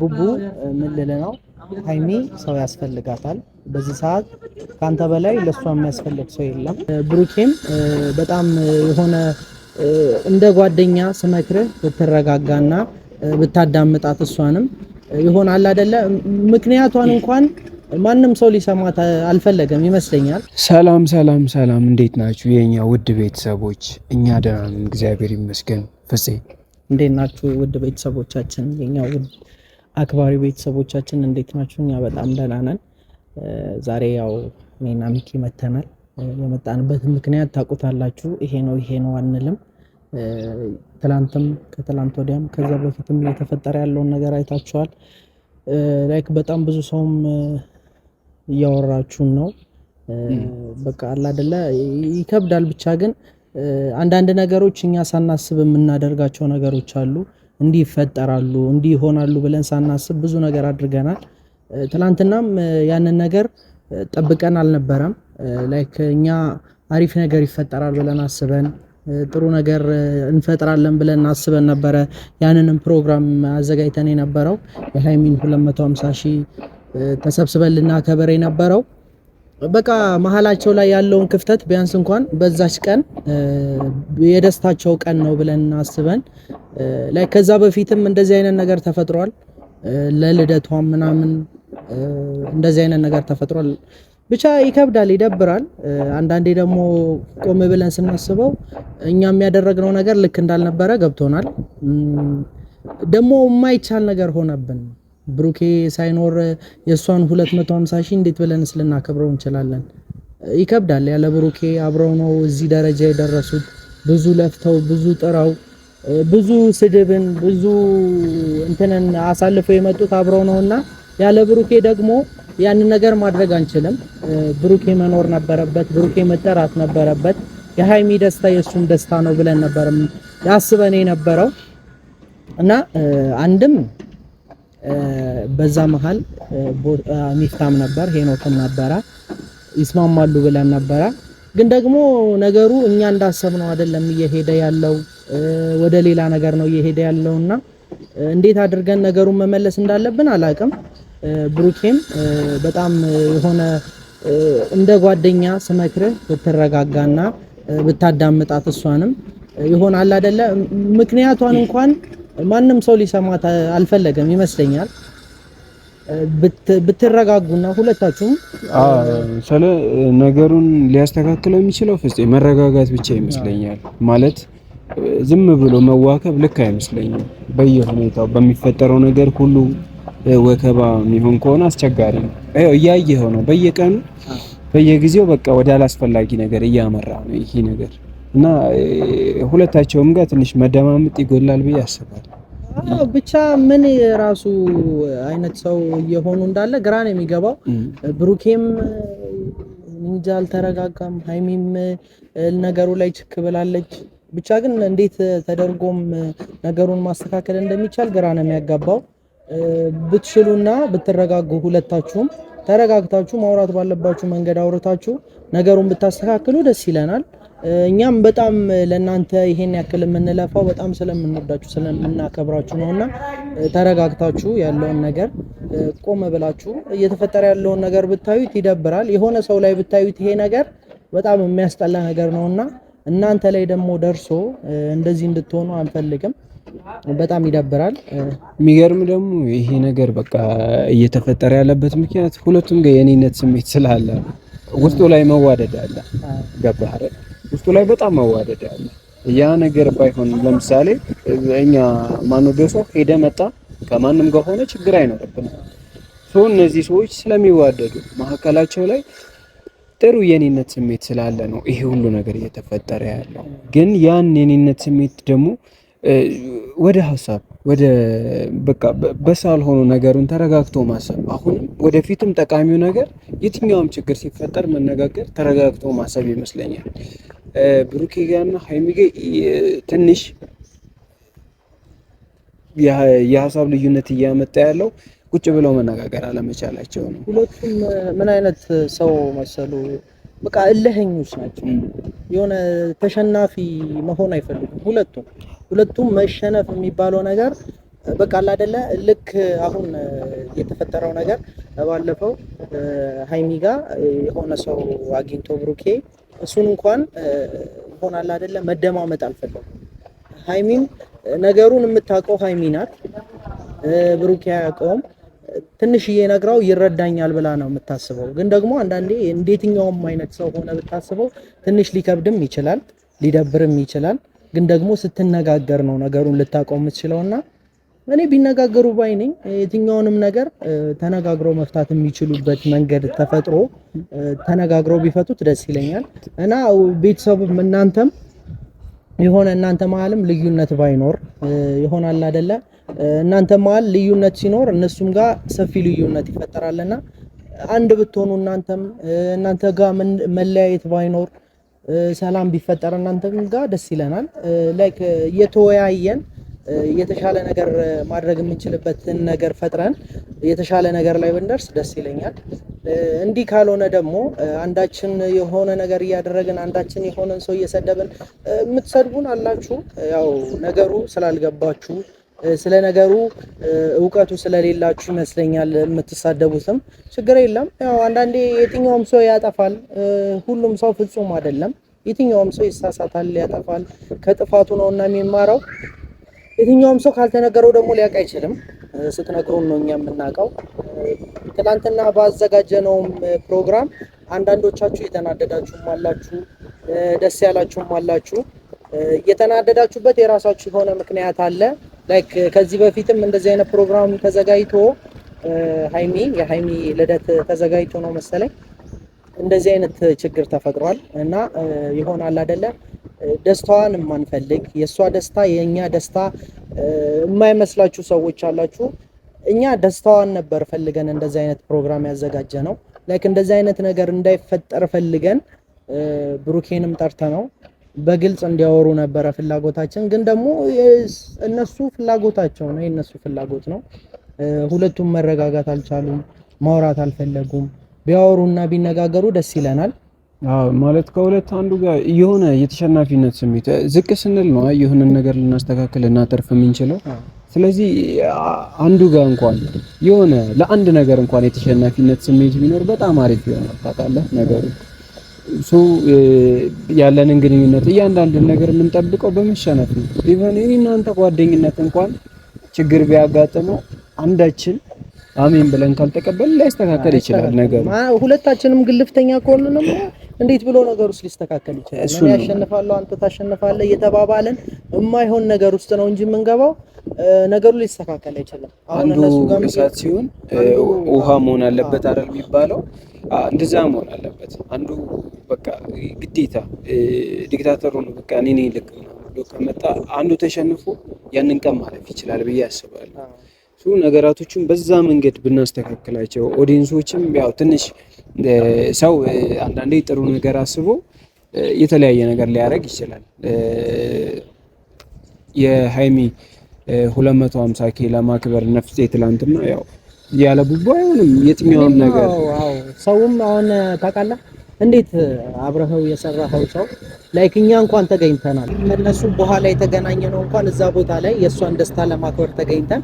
ቡቡ ምን ነው፣ ሀይሚ ሰው ያስፈልጋታል። በዚህ ሰዓት ከአንተ በላይ ለእሷ የሚያስፈልግ ሰው የለም። ብሩኬም በጣም የሆነ እንደ ጓደኛ ስመክርህ ብትረጋጋና ብታዳምጣት እሷንም ይሆናል አይደለ? ምክንያቷን እንኳን ማንም ሰው ሊሰማት አልፈለገም ይመስለኛል። ሰላም ሰላም ሰላም፣ እንዴት ናችሁ የእኛ ውድ ቤተሰቦች? እኛ ደህና ነን፣ እግዚአብሔር ይመስገን። ፍፄ እንዴት ናችሁ ውድ ቤተሰቦቻችን የኛ ውድ አክባሪ ቤተሰቦቻችን እንዴት ናችሁ? እኛ በጣም ደህና ነን። ዛሬ ያው እኔና ሚኪ መተናል። የመጣንበት ምክንያት ታውቁታላችሁ። ይሄ ነው ይሄ ነው አንልም። ትላንትም ከትላንት ወዲያም ከዛ በፊትም እየተፈጠረ ያለውን ነገር አይታችኋል። ላይክ በጣም ብዙ ሰውም እያወራችሁን ነው። በቃ አለ አይደለ ይከብዳል። ብቻ ግን አንዳንድ ነገሮች እኛ ሳናስብ የምናደርጋቸው ነገሮች አሉ። እንዲህ ይፈጠራሉ እንዲህ ይሆናሉ ብለን ሳናስብ ብዙ ነገር አድርገናል። ትላንትናም ያንን ነገር ጠብቀን አልነበረም። ላይክ እኛ አሪፍ ነገር ይፈጠራል ብለን አስበን ጥሩ ነገር እንፈጥራለን ብለን አስበን ነበረ። ያንንም ፕሮግራም አዘጋጅተን የነበረው የሃይሚን 250 ሺህ ተሰብስበን ልናከበር የነበረው በቃ መሀላቸው ላይ ያለውን ክፍተት ቢያንስ እንኳን በዛች ቀን የደስታቸው ቀን ነው ብለን አስበን ላይ ከዛ በፊትም እንደዚህ አይነት ነገር ተፈጥሯል። ለልደቷም ምናምን እንደዚህ አይነት ነገር ተፈጥሯል። ብቻ ይከብዳል፣ ይደብራል። አንዳንዴ ደግሞ ቆም ብለን ስናስበው እኛም የሚያደረግነው ነገር ልክ እንዳልነበረ ገብቶናል። ደግሞ የማይቻል ነገር ሆነብን። ብሩኬ ሳይኖር የእሷን 250 ሺህ እንዴት ብለን ልናከብረው እንችላለን? ይከብዳል። ያለ ብሩኬ አብረው ነው እዚህ ደረጃ የደረሱት። ብዙ ለፍተው ብዙ ጥረው ብዙ ስድብን ብዙ እንትንን አሳልፈው የመጡት አብረው ነውና ያለ ብሩኬ ደግሞ ያንን ነገር ማድረግ አንችልም። ብሩኬ መኖር ነበረበት፣ ብሩኬ መጠራት ነበረበት። የሀይሚ ደስታ የእሱም ደስታ ነው ብለን ነበርም ያስበን የነበረው እና አንድም በዛ መሀል ሚፍታም ነበር ሄኖክም ነበረ ይስማማሉ ብለን ነበረ። ግን ደግሞ ነገሩ እኛ እንዳሰብነው አይደለም እየሄደ ያለው፣ ወደ ሌላ ነገር ነው እየሄደ ያለውና እንዴት አድርገን ነገሩን መመለስ እንዳለብን አላቅም። ብሩኬም በጣም የሆነ እንደ ጓደኛ ስመክርህ ብትረጋጋና ብታዳምጣት እሷንም ይሆናል አይደለ ምክንያቷን እንኳን ማንም ሰው ሊሰማት አልፈለገም ይመስለኛል። ብትረጋጉና ሁለታችሁም ስለ ነገሩን ሊያስተካክለው የሚችለው ፍፄ መረጋጋት ብቻ ይመስለኛል። ማለት ዝም ብሎ መዋከብ ልክ አይመስለኝም። በየሁኔታው በሚፈጠረው ነገር ሁሉ ወከባ የሚሆን ከሆነ አስቸጋሪ ነው። እያየኸው ነው በየቀኑ በየጊዜው በቃ ወደ አላስፈላጊ ነገር እያመራ ነው ይሄ ነገር እና ሁለታቸውም ጋር ትንሽ መደማመጥ ይጎላል ብዬ አስባለሁ። ብቻ ምን የራሱ አይነት ሰው እየሆኑ እንዳለ ግራ ነው የሚገባው። ብሩኬም እንጃ አልተረጋጋም፣ ሀይሚም ነገሩ ላይ ችክ ብላለች። ብቻ ግን እንዴት ተደርጎም ነገሩን ማስተካከል እንደሚቻል ግራ ነው የሚያጋባው። ብትችሉና ብትረጋጉ ሁለታችሁም ተረጋግታችሁ ማውራት ባለባችሁ መንገድ አውርታችሁ ነገሩን ብታስተካክሉ ደስ ይለናል። እኛም በጣም ለእናንተ ይሄን ያክል የምንለፋው በጣም ስለምንወዳችሁ ስለምናከብራችሁ ነው እና ተረጋግታችሁ ያለውን ነገር ቆም ብላችሁ እየተፈጠረ ያለውን ነገር ብታዩት ይደብራል። የሆነ ሰው ላይ ብታዩት ይሄ ነገር በጣም የሚያስጠላ ነገር ነው እና እናንተ ላይ ደግሞ ደርሶ እንደዚህ እንድትሆኑ አንፈልግም። በጣም ይደብራል። የሚገርም ደግሞ ይሄ ነገር በቃ እየተፈጠረ ያለበት ምክንያት ሁለቱም ጋር የኔነት ስሜት ስላለ ውስጡ ላይ መዋደድ አለ። ገባህ አይደል? ውስጡ ላይ በጣም መዋደድ ያለ ያ ነገር ባይሆን ለምሳሌ እኛ ማንወደው ሰው ሄደ መጣ ከማንም ጋር ሆነ ችግር አይኖርብንም። ሰው እነዚህ ሰዎች ስለሚዋደዱ መሀከላቸው ላይ ጥሩ የኔነት ስሜት ስላለ ነው ይሄ ሁሉ ነገር እየተፈጠረ ያለው። ግን ያን የኔነት ስሜት ደግሞ ወደ ሀሳብ ወደ በቃ በሳል ሆኖ ነገሩን ተረጋግቶ ማሰብ አሁንም ወደፊትም ጠቃሚው ነገር የትኛውም ችግር ሲፈጠር መነጋገር፣ ተረጋግቶ ማሰብ ይመስለኛል። ብሩኬ ጋርና ሀይሚ ትንሽ የሀሳብ ልዩነት እያመጣ ያለው ቁጭ ብለው መነጋገር አለመቻላቸው ነው። ሁለቱም ምን አይነት ሰው መሰሉ በቃ እልኸኞች ናቸው። የሆነ ተሸናፊ መሆን አይፈልጉም ሁለቱም ሁለቱም መሸነፍ የሚባለው ነገር በቃ አይደለ ልክ አሁን የተፈጠረው ነገር ባለፈው ሀይሚ ጋር የሆነ ሰው አግኝቶ ብሩኬ እሱን እንኳን ይሆናል አይደለ መደማመጥ አልፈለኩም። ሀይሚም ነገሩን የምታውቀው ሀይሚ ናት። ብሩኬ አያውቀውም። ትንሽዬ ነግራው ይረዳኛል ብላ ነው የምታስበው። ግን ደግሞ አንዳንዴ እንዴትኛውም አይነት ሰው ሆነ ብታስበው ትንሽ ሊከብድም ይችላል፣ ሊደብርም ይችላል። ግን ደግሞ ስትነጋገር ነው ነገሩን ልታውቀው የምትችለውና እኔ ቢነጋገሩ ባይ ነኝ። የትኛውንም ነገር ተነጋግረው መፍታት የሚችሉበት መንገድ ተፈጥሮ ተነጋግረው ቢፈቱት ደስ ይለኛል እና ቤተሰብም እናንተም የሆነ እናንተ መሀልም ልዩነት ባይኖር ይሆናል አይደለ? እናንተ መሀል ልዩነት ሲኖር እነሱም ጋር ሰፊ ልዩነት ይፈጠራልና አንድ ብትሆኑ እናንተም እናንተ ጋር መለያየት ባይኖር ሰላም ቢፈጠር እናንተም ጋር ደስ ይለናል። ላይክ እየተወያየን የተሻለ ነገር ማድረግ የምንችልበትን ነገር ፈጥረን የተሻለ ነገር ላይ ብንደርስ ደስ ይለኛል። እንዲህ ካልሆነ ደግሞ አንዳችን የሆነ ነገር እያደረግን አንዳችን የሆነን ሰው እየሰደብን የምትሰድቡን አላችሁ። ያው ነገሩ ስላልገባችሁ ስለ ነገሩ እውቀቱ ስለሌላችሁ ይመስለኛል የምትሳደቡትም። ችግር የለም ያው አንዳንዴ የትኛውም ሰው ያጠፋል። ሁሉም ሰው ፍጹም አይደለም። የትኛውም ሰው ይሳሳታል፣ ያጠፋል። ከጥፋቱ ነው እና የሚማረው። የትኛውም ሰው ካልተነገረው ደግሞ ሊያውቅ አይችልም። ስትነግሩን ነው እኛ የምናውቀው። ትናንትና ባዘጋጀነውም ፕሮግራም አንዳንዶቻችሁ የተናደዳችሁም አላችሁ፣ ደስ ያላችሁም አላችሁ። የተናደዳችሁበት የራሳችሁ የሆነ ምክንያት አለ። ላይክ eh, ከዚህ በፊትም እንደዚህ አይነት ፕሮግራም ተዘጋጅቶ ሀይሚ የሀይሚ ልደት ተዘጋጅቶ ነው መሰለኝ እንደዚህ አይነት ችግር ተፈጥሯል እና ይሆናል አይደለ ደስታዋን የማንፈልግ የእሷ ደስታ የእኛ ደስታ የማይመስላችሁ ሰዎች አላችሁ። እኛ ደስታዋን ነበር ፈልገን እንደዚህ አይነት ፕሮግራም ያዘጋጀ ነው። ላይክ እንደዚህ አይነት ነገር እንዳይፈጠር ፈልገን ብሩኬንም ጠርተ ነው በግልጽ እንዲያወሩ ነበረ ፍላጎታችን። ግን ደግሞ እነሱ ፍላጎታቸው ነው የእነሱ ፍላጎት ነው። ሁለቱም መረጋጋት አልቻሉም፣ ማውራት አልፈለጉም። ቢያወሩና ቢነጋገሩ ደስ ይለናል። ማለት ከሁለት አንዱ ጋር የሆነ የተሸናፊነት ስሜት ዝቅ ስንል ነው የሆነን ነገር ልናስተካክል እናተርፍ የምንችለው። ስለዚህ አንዱ ጋር እንኳን የሆነ ለአንድ ነገር እንኳን የተሸናፊነት ስሜት ቢኖር በጣም አሪፍ ይሆናል። ታውቃለህ ነገሩ ያለንን ግንኙነት እያንዳንድን ነገር የምንጠብቀው በመሸነፍ ነው። ቢሆን ይህ እናንተ ጓደኝነት እንኳን ችግር ቢያጋጥመው አንዳችን አሜን ብለን ካልተቀበል ላይስተካከል ይችላል ነገሩ። ሁለታችንም ግልፍተኛ ከሆነ ነው እንዴት ብሎ ነገር ውስጥ ሊስተካከል ይችላል? እሱ ያሸንፋለሁ አንተ ታሸንፋለህ እየተባባለን የማይሆን ነገር ውስጥ ነው እንጂ የምንገባው ነገሩ ሊስተካከል አይችልም። አንዱ እነሱ ሲሆን ውሃ መሆን አለበት አይደል የሚባለው እንደዛ መሆን አለበት። አንዱ በቃ ግዴታ ዲክታተሩ ነው በቃ እኔ ልክ ብሎ ከመጣ አንዱ ተሸንፎ ያንን ቀን ማለፍ ይችላል ብዬ አስባለሁ። ነገራቶችን በዛ መንገድ ብናስተካክላቸው ኦዲየንሶችም ያው ትንሽ ሰው አንዳንዴ ጥሩ ነገር አስቦ የተለያየ ነገር ሊያደርግ ይችላል። የሀይሚ 250 ኬ ለማክበር ነፍሴ ትላንትና ያው ያለ ቡቡ አይሆንም። ነገር ሰውም አሁን ታውቃለህ፣ እንዴት አብረኸው የሰራኸው ሰው ላይክ እኛ እንኳን ተገኝተናል። ከነሱ በኋላ የተገናኘ ነው እንኳን እዛ ቦታ ላይ የእሷን ደስታ ለማክበር ተገኝተን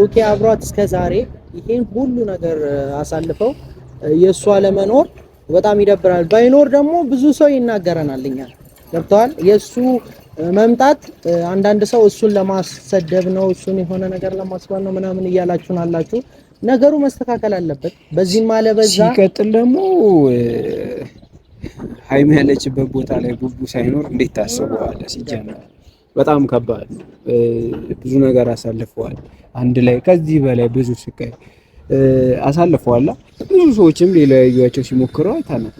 ሩኬ አብሯት እስከ ዛሬ ይሄን ሁሉ ነገር አሳልፈው የእሷ ለመኖር በጣም ይደብራል። ባይኖር ደግሞ ብዙ ሰው ይናገረናል። እኛ ገብተዋል የእሱ መምጣት አንዳንድ ሰው እሱን ለማሰደብ ነው እሱን የሆነ ነገር ለማስባል ነው ምናምን እያላችሁን አላችሁ። ነገሩ መስተካከል አለበት። በዚህ አለ በዛ ሲቀጥል ደግሞ ሀይሚ ያለችበት ቦታ ላይ ቡቡ ሳይኖር እንዴት ታስበዋለ? ሲጀመር በጣም ከባድ ብዙ ነገር አሳልፈዋል። አንድ ላይ ከዚህ በላይ ብዙ ስቃይ አሳልፈዋላ። ብዙ ሰዎችም ሊለያዩቸው ሲሞክሩ አይተናል።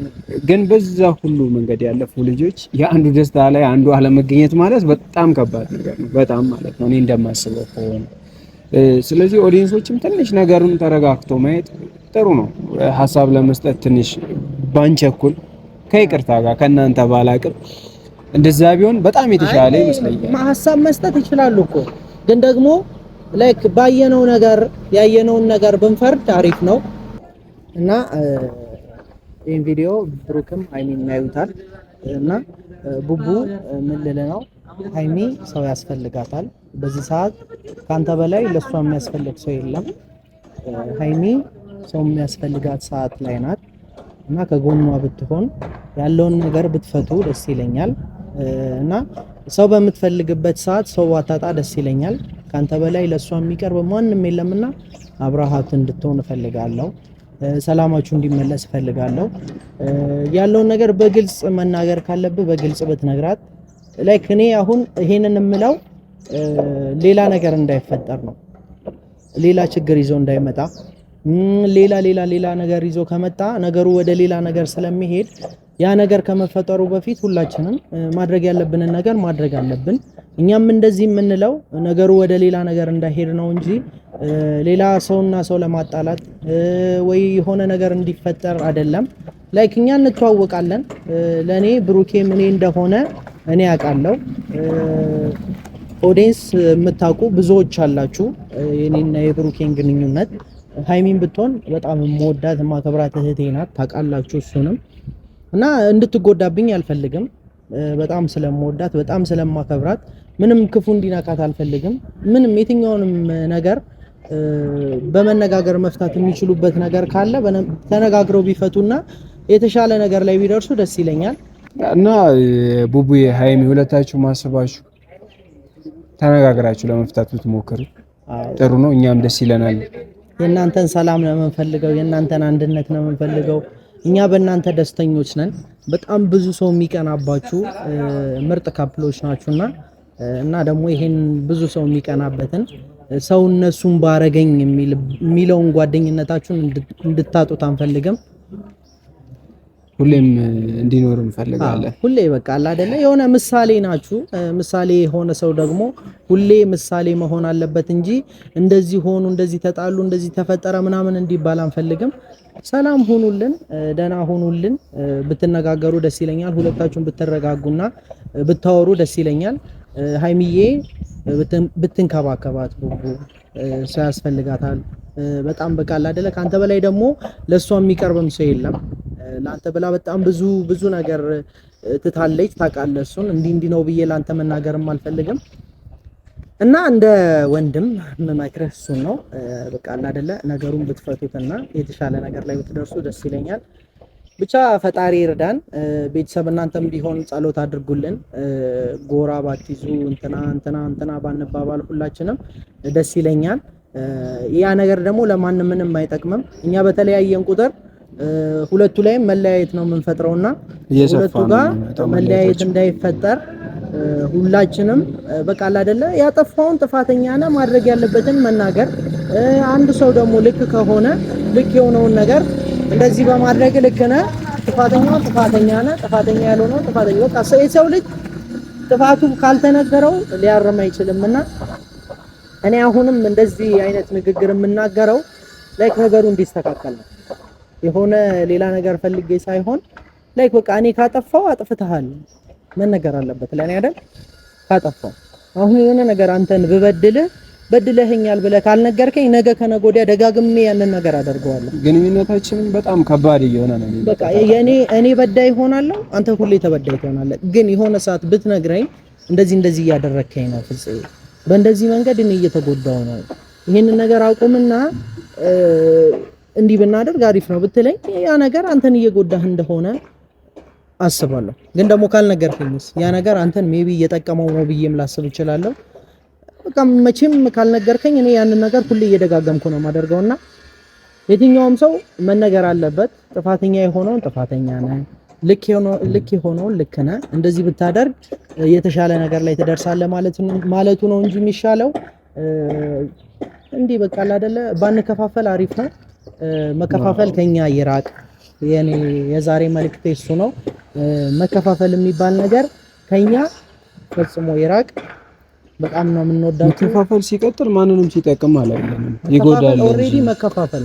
ግን በዛ ሁሉ መንገድ ያለፉ ልጆች የአንዱ ደስታ ላይ አንዱ አለመገኘት ማለት በጣም ከባድ ነገር ነው። በጣም ማለት ነው እኔ እንደማስበው ከሆነ ስለዚህ ኦዲየንሶችም ትንሽ ነገሩን ተረጋግቶ ማየት ጥሩ ነው። ሀሳብ ለመስጠት ትንሽ ባንቸኩል ከይቅርታ ጋር ከእናንተ ባላቅም እንደዛ ቢሆን በጣም የተሻለ ይመስለኛል። ሀሳብ መስጠት ይችላሉ እኮ ግን ደግሞ ላይክ ባየነው ነገር ያየነውን ነገር ብንፈርድ አሪፍ ነው እና ይህን ቪዲዮ ብሩክም አይሚን ያዩታል እና ቡቡ ምን ልል ነው ሀይሚ ሰው ያስፈልጋታል። በዚህ ሰዓት ከአንተ በላይ ለእሷ የሚያስፈልግ ሰው የለም። ሀይሚ ሰው የሚያስፈልጋት ሰዓት ላይ ናት እና ከጎኗ ብትሆን ያለውን ነገር ብትፈቱ ደስ ይለኛል እና ሰው በምትፈልግበት ሰዓት ሰው አታጣ ደስ ይለኛል። ከአንተ በላይ ለእሷ የሚቀርብ ማንም የለምና አብረሃት እንድትሆን እፈልጋለሁ። ሰላማችሁ እንዲመለስ እፈልጋለሁ። ያለውን ነገር በግልጽ መናገር ካለብህ በግልጽ ብትነግራት ላይክ እኔ አሁን ይሄንን የምለው ሌላ ነገር እንዳይፈጠር ነው። ሌላ ችግር ይዞ እንዳይመጣ ሌላ ሌላ ሌላ ነገር ይዞ ከመጣ ነገሩ ወደ ሌላ ነገር ስለሚሄድ ያ ነገር ከመፈጠሩ በፊት ሁላችንም ማድረግ ያለብንን ነገር ማድረግ አለብን። እኛም እንደዚህ የምንለው ነገሩ ወደ ሌላ ነገር እንዳይሄድ ነው እንጂ ሌላ ሰውና ሰው ለማጣላት ወይ የሆነ ነገር እንዲፈጠር አይደለም። ላይክ እኛ እንተዋወቃለን። ለእኔ ብሩኬ እኔ እንደሆነ እኔ አውቃለሁ። ኦዲንስ የምታውቁ ብዙዎች አላችሁ የኔና የብሩኬን ግንኙነት። ሀይሚን ብትሆን በጣም የምወዳት የማከብራት እህቴ ናት፣ ታውቃላችሁ እሱንም እና እንድትጎዳብኝ አልፈልግም። በጣም ስለምወዳት በጣም ስለማከብራት ምንም ክፉ እንዲነካት አልፈልግም። ምንም የትኛውንም ነገር በመነጋገር መፍታት የሚችሉበት ነገር ካለ ተነጋግረው ቢፈቱና የተሻለ ነገር ላይ ቢደርሱ ደስ ይለኛል። እና ቡቡዬ ሀይሚ ሁለታችሁ ማስባችሁ ተነጋግራችሁ ለመፍታት ብትሞክሩ ጥሩ ነው። እኛም ደስ ይለናል። የእናንተን ሰላም ነው የምንፈልገው፣ የእናንተን አንድነት ነው የምንፈልገው። እኛ በእናንተ ደስተኞች ነን። በጣም ብዙ ሰው የሚቀናባችሁ ምርጥ ካፕሎች ናችሁና እና ደግሞ ይሄን ብዙ ሰው የሚቀናበትን ሰው እነሱን ባረገኝ የሚለውን ጓደኝነታችሁን እንድታጡት አንፈልግም። ሁሌም እንዲኖር እንፈልጋለን። ሁሌ በቃ አለ አይደለ የሆነ ምሳሌ ናችሁ። ምሳሌ የሆነ ሰው ደግሞ ሁሌ ምሳሌ መሆን አለበት እንጂ እንደዚህ ሆኑ፣ እንደዚህ ተጣሉ፣ እንደዚህ ተፈጠረ ምናምን እንዲባል አንፈልግም። ሰላም ሁኑልን፣ ደህና ሁኑልን። ብትነጋገሩ ደስ ይለኛል። ሁለታችሁን ብትረጋጉና ብታወሩ ደስ ይለኛል። ሀይሚዬ ብትንከባከባት ቡቡ ሰው ያስፈልጋታል። በጣም በቃል አደለ ከአንተ በላይ ደግሞ ለእሷ የሚቀርብም ሰው የለም። ለአንተ ብላ በጣም ብዙ ብዙ ነገር ትታለች። ታውቃለህ፣ እሱን እንዲህ እንዲህ ነው ብዬ ለአንተ መናገርም አልፈልግም እና እንደ ወንድም መመክርህ እሱን ነው። በቃል አደለ ነገሩን ብትፈቱትና የተሻለ ነገር ላይ ብትደርሱ ደስ ይለኛል። ብቻ ፈጣሪ ይርዳን። ቤተሰብ እናንተም ቢሆን ጸሎት አድርጉልን። ጎራ ባትይዙ እንትና እንትና እንትና ባንባባል ሁላችንም ደስ ይለኛል። ያ ነገር ደግሞ ለማንም ምንም አይጠቅምም። እኛ በተለያየን ቁጥር ሁለቱ ላይም መለያየት ነው የምንፈጥረውና ሁለቱ ጋር መለያየት እንዳይፈጠር ሁላችንም በቃል አይደለ ያጠፋውን ጥፋተኛ ነህ ማድረግ ያለበትን መናገር፣ አንድ ሰው ደግሞ ልክ ከሆነ ልክ የሆነውን ነገር እንደዚህ በማድረግ ልክ ነህ፣ ጥፋተኛው ጥፋተኛ ነህ፣ ጥፋተኛ ያልሆነው ጥፋተኛ በቃ የሰው ልጅ ጥፋቱ ካልተነገረው ሊያርም አይችልም። እና እኔ አሁንም እንደዚህ አይነት ንግግር የምናገረው ላይክ ነገሩ እንዲስተካከል ነው። የሆነ ሌላ ነገር ፈልጌ ሳይሆን ላይክ በቃ እኔ ካጠፋው አጥፍተሃል መነገር አለበት ለኔ አይደል? ካጠፋው አሁን የሆነ ነገር አንተን ብበድልህ በድለህኛል ብለህ ካልነገርከኝ ነገ ከነገ ወዲያ ደጋግሜ ያንን ነገር አደርገዋለሁ። ግንኙነታችን በጣም ከባድ እየሆነ ነው። በቃ የኔ እኔ በዳይ ሆናለሁ፣ አንተ ሁሌ ተበዳይ ትሆናለህ። ግን የሆነ ሰዓት ብትነግረኝ እንደዚህ እንደዚህ እያደረግከኝ ነው ፍፄ፣ በእንደዚህ መንገድ እኔ እየተጎዳው ነው፣ ይሄንን ነገር አቁምና እንዲህ ብናደርግ አሪፍ ነው ብትለኝ ያ ነገር አንተን እየጎዳህ እንደሆነ አስባለሁ። ግን ደግሞ ካልነገርከኝስ ያ ነገር አንተን ሜቢ እየጠቀመው ነው ብዬም ላስብ እችላለሁ። በቃ መቼም ካልነገርከኝ እኔ ያንን ነገር ሁሌ እየደጋገምኩ ነው የማደርገውና የትኛውም ሰው መነገር አለበት። ጥፋተኛ የሆነውን ጥፋተኛ ነህ፣ ልክ የሆነውን ልክ ነህ፣ እንደዚህ ብታደርግ የተሻለ ነገር ላይ ትደርሳለህ ማለቱ ነው እንጂ የሚሻለው እንዲህ በቃ አይደለ ባንከፋፈል አሪፍ ነው። መከፋፈል ከኛ ይራቅ። የኔ የዛሬ መልእክቴ እሱ ነው። መከፋፈል የሚባል ነገር ከኛ ፈጽሞ ይራቅ። በጣም ነው የምንወዳቸው። መከፋፈል ሲቀጥል ማንንም ሲጠቅም አላየንም፣ ይጎዳል። ኦልሬዲ መከፋፈል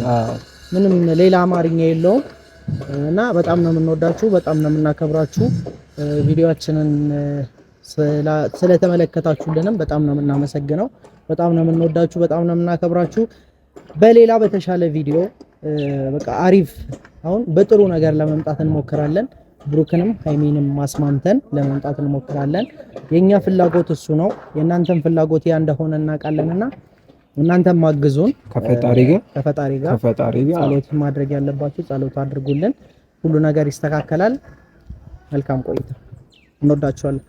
ምንም ሌላ አማርኛ የለውም እና በጣም ነው የምንወዳችሁ፣ በጣም ነው የምናከብራችሁ። ቪዲዮአችንን ስለተመለከታችሁልንም በጣም ነው የምናመሰግነው። በጣም ነው የምንወዳችሁ፣ በጣም ነው የምናከብራችሁ። በሌላ በተሻለ ቪዲዮ በቃ አሪፍ አሁን በጥሩ ነገር ለመምጣት እንሞክራለን። ብሩክንም ሀይሚንም ማስማምተን ለመምጣት እንሞክራለን። የእኛ ፍላጎት እሱ ነው። የእናንተን ፍላጎት ያ እንደሆነ እናውቃለን እናንተም ማግዙን ከፈጣሪ ጋር ከፈጣሪ ጋር ከፈጣሪ ጋር ጸሎት ማድረግ ያለባችሁ ጸሎት አድርጉልን። ሁሉ ነገር ይስተካከላል። መልካም ቆይታ። እንወዳችኋለን።